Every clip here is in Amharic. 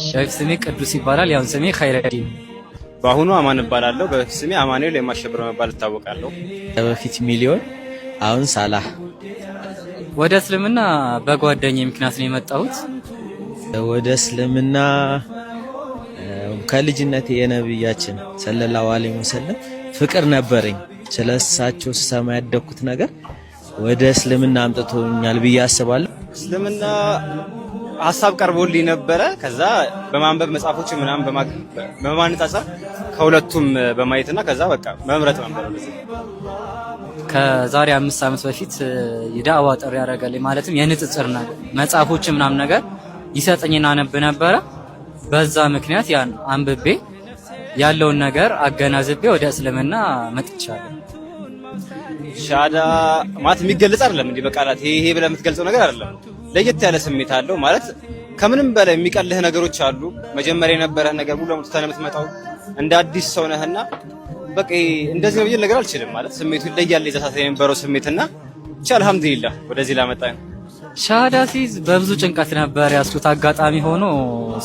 ሸይፍ ስሜ ቅዱስ ይባላል። ያሁን ስሜ ኸይረዲን። በአሁኑ አማን እባላለሁ። በፊት ስሜ አማኑኤል የማሸብር መባል እታወቃለሁ። በፊት ሚሊዮን፣ አሁን ሳላህ። ወደ እስልምና በጓደኛ ምክንያት ነው የመጣሁት። ወደ እስልምና ከልጅነት የነብያችን ሰለላሁ ዐለይሂ ወሰለም ፍቅር ነበረኝ። ስለ እሳቸው ስሰማ ያደግኩት ነገር ወደ እስልምና አምጥቶኛል ብዬ አስባለሁ። እስልምና ሀሳብ ቀርቦልኝ ነበረ። ከዛ በማንበብ መጽሐፎች ምናምን በማነጻጸር ከሁለቱም በማየትና ከዛ በቃ መምረጥ ነበር። ከዛሬ አምስት ዓመት በፊት የዳዕዋ ጥሪ ያደረገልኝ ማለትም የንጽጽር ነገር መጽሐፎች ምናምን ነገር ይሰጠኝና አነብ ነበረ። በዛ ምክንያት ያን አንብቤ ያለውን ነገር አገናዝቤ ወደ እስልምና መጥቻለሁ። ሻዳ ማለት የሚገለጽ አይደለም እንዲህ በቃላት ይሄ ብለህ የምትገልጸው ነገር አይደለም ለየት ያለ ስሜት አለው ማለት ከምንም በላይ የሚቀልህ ነገሮች አሉ። መጀመሪያ የነበረህ ነገር ሁሉ ለሙት የምትመጣው እንደ አዲስ ሰው ነህና በቃ እንደዚህ ነው ብዬ ነገር አልችልም። ማለት ስሜቱ ይለያል። የዛሳት የነበረው ስሜትና ብቻ አልሐምዱሊላህ ወደዚህ ላመጣኝ ሻሃዳ ሲይዝ በብዙ ጭንቀት ነበር ያስኩት። አጋጣሚ ሆኖ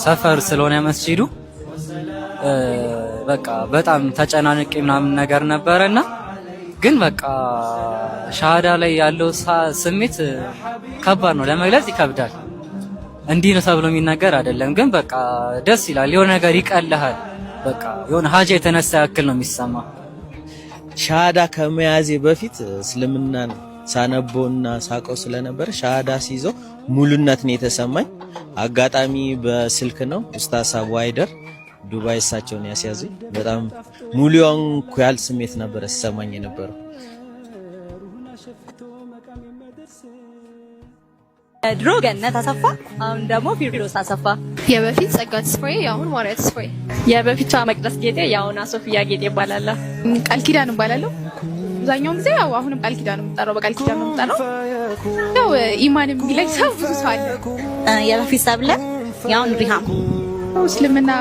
ሰፈር ስለሆነ መስጂዱ በቃ በጣም ተጨናንቄ ምናምን ነገር ነበረና ግን በቃ ሻሃዳ ላይ ያለው ስሜት ከባድ ነው ለመግለጽ ይከብዳል። እንዲህ ነው ተብሎ የሚናገር አይደለም፣ ግን በቃ ደስ ይላል። የሆነ ነገር ይቀልሃል። በቃ የሆነ ሀጃ የተነሳ ያክል ነው የሚሰማ። ሻዳ ከመያዜ በፊት እስልምናን ሳነበውና ሳቀው ስለነበረ ሻዳ ሲይዘው ሙሉነት ነው የተሰማኝ። አጋጣሚ በስልክ ነው ኡስታዝ አቡ አይደር ዱባይ እሳቸውን ያስያዙኝ። በጣም ሙሉ የሆንኩ ያህል ስሜት ነበር ሲሰማኝ የነበረው። ድሮ ገነት አሰፋ፣ አሁን ደግሞ ፊርዶስ አሰፋ። የበፊት ጸጋ ተስፋዬ፣ የአሁን ማርያ ተስፋዬ። የበፊቷ መቅደስ ጌጤ፣ የአሁኗ ሶፊያ ጌጤ እባላለሁ። ቃል ኪዳን እባላለሁ። አብዛኛውን ጊዜ ያው አሁንም ቃል ኪዳን ነው የምጠራው፣ በቃል ኪዳን ነው የምጠራው። ያው ኢማን የሚለኝ ሰው ብዙ ሰው አለ። የበፊት ሰብለ፣ የአሁን ሪሃም። እስልምና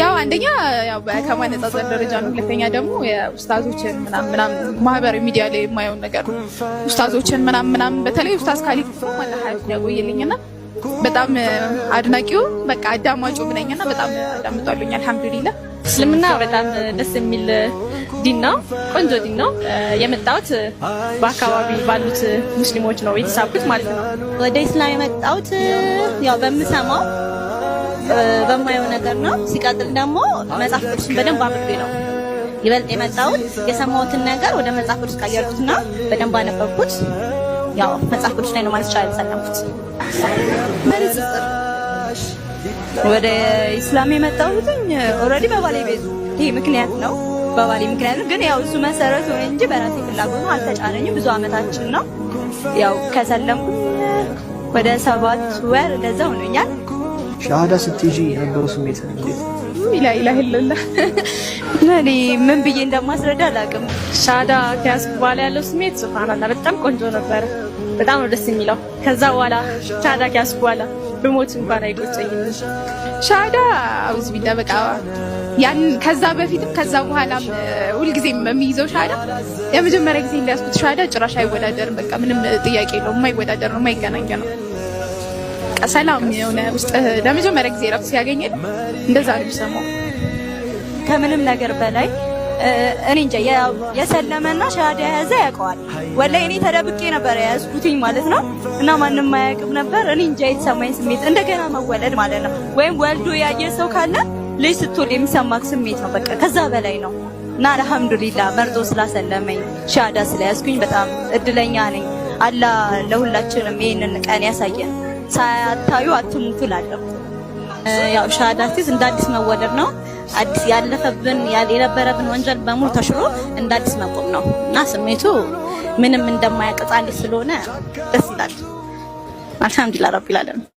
ያው አንደኛ ያው ከማነጻጸር ደረጃ ነው። ሁለተኛ ደግሞ የኡስታዞችን ምናምን ማህበራዊ ሚዲያ ላይ የማየውን ነገር ነው። ኡስታዞችን ምናምን በተለይ ኡስታዝ ካሊፍ ማለት ያቆየልኝና በጣም አድናቂው በቃ አዳማጩ ብለኝና በጣም አዳምጧሉኝ። አልሐምዱሊላህ እስልምና በጣም ደስ የሚል ዲን ነው። ቆንጆ ዲን ነው። የመጣሁት በአካባቢ ባሉት ሙስሊሞች ነው የተሳብኩት ማለት ነው። ወደ ኢስላም የመጣሁት ያው በምሰማው በማየው ነገር ነው። ሲቀጥል ደግሞ መጽሐፍ ቅዱስን በደንብ አብቤ ነው ይበልጥ የመጣሁት። የሰማሁትን ነገር ወደ መጽሐፍ ቅዱስ ቀየርኩትና በደንብ አነበብኩት። ያው መጽሐፍ ቅዱስ ላይ ነው ማለት ይቻላል ሰላምኩት። በንጽጽር ወደ ኢስላም የመጣሁትኝ ኦልሬዲ በባሌ ቤት ይሄ ምክንያት ነው በባሌ ምክንያት ግን ያው እሱ መሰረቱ ሆነ እንጂ በራሴ ፍላጎት አልተጫነኝም። ብዙ አመታችን ነው ያው ከሰለምኩ ወደ ሰባት ወር እንደዛ ሆኖኛል። ሻሃዳ ስትይዢ የነበረው ስሜት እኔ ምን ብዬ እንደማስረዳ አላውቅም። ሻሃዳ ከያዝኩ በኋላ ያለው ስሜት ሱብሃንአላህ በጣም ቆንጆ ነበረ። በጣም ነው ደስ የሚለው። ከዛ በኋላ ሻሃዳ ከያዝኩ በኋላ ብሞት እንኳን አይቆጨኝም። ሻሃዳ አውዝ ቢላ በቃ ያን ከዛ በፊትም ከዛ በኋላ ሁልጊዜም የሚይዘው ሻሃዳ የመጀመሪያ ጊዜ እንዳያዝኩት ሻሃዳ ጭራሽ አይወዳደርም። በቃ ምንም ጥያቄ የለውም። የማይወዳደር ነው፣ የማይገናኝ ነው። በቃ ሰላም የሆነ ውስጥ ለመጀመሪያ ጊዜ ረፍት ሲያገኘን እንደዛ ነው የሚሰማው። ከምንም ነገር በላይ እኔ እንጃ የሰለመና ሻዲ የያዘ ያውቀዋል። ወላሂ እኔ ተደብቄ ነበር የያዝኩትኝ ማለት ነው እና ማንም አያውቅም ነበር። እኔ እንጃ የተሰማኝ ስሜት እንደገና መወለድ ማለት ነው ወይም ወልዶ ያየ ሰው ካለ ልጅ ስትወልድ የሚሰማክ ስሜት ነው። በቃ ከዛ በላይ ነው እና አልሐምዱሊላ መርጦ ስላሰለመኝ ሻዳ ስለያዝኩኝ በጣም እድለኛ ነኝ። አላ ለሁላችንም ይህንን ቀን ያሳየን። ሳያታዩ አትሙቱ እላለሁ። ያው ሻሃዳቲስ እንደ አዲስ መወለድ ነው። አዲስ ያለፈብን የነበረብን ወንጀል በሙሉ ተሽሮ እንደ አዲስ መቆም ነው እና ስሜቱ ምንም እንደማያቀጣል ስለሆነ ደስ ይላል። አልሐምዱሊላህ ረቢል ዓለሚን